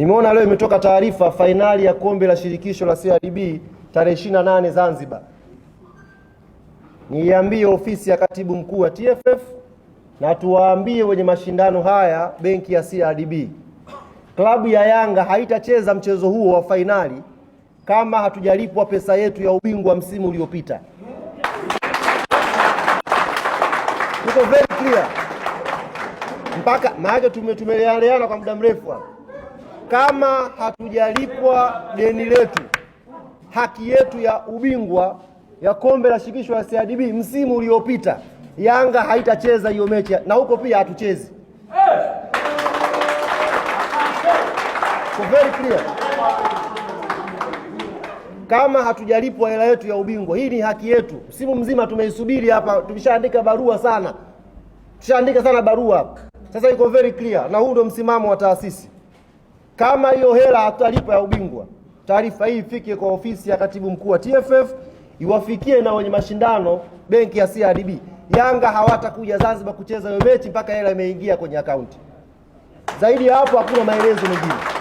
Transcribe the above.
Nimeona leo imetoka taarifa fainali ya kombe la shirikisho la CRDB tarehe 28 Zanzibar. Niambie ofisi ya katibu mkuu wa TFF na tuwaambie wenye mashindano haya, benki ya CRDB, klabu ya Yanga haitacheza mchezo huo wa fainali kama hatujalipwa pesa yetu ya ubingwa msimu uliopita. Tuko very clear mpaka maana tumelealeana kwa muda mrefu hapa kama hatujalipwa deni letu, haki yetu ya ubingwa ya kombe la shirikisho la CRDB msimu uliopita, Yanga haitacheza hiyo mechi, na huko pia hatuchezi. So very clear, kama hatujalipwa hela yetu ya ubingwa, hii ni haki yetu. Msimu mzima tumeisubiri hapa, tumeshaandika barua sana, tushaandika sana barua Sasa iko very clear, na huu ndio msimamo wa taasisi. Kama hiyo hela hatalipa ya ubingwa, taarifa hii ifike kwa ofisi ya katibu mkuu wa TFF, iwafikie na wenye mashindano benki ya CRDB. Yanga hawatakuja Zanzibar kucheza hiyo mechi mpaka hela imeingia kwenye akaunti. Zaidi ya hapo hakuna maelezo mengine.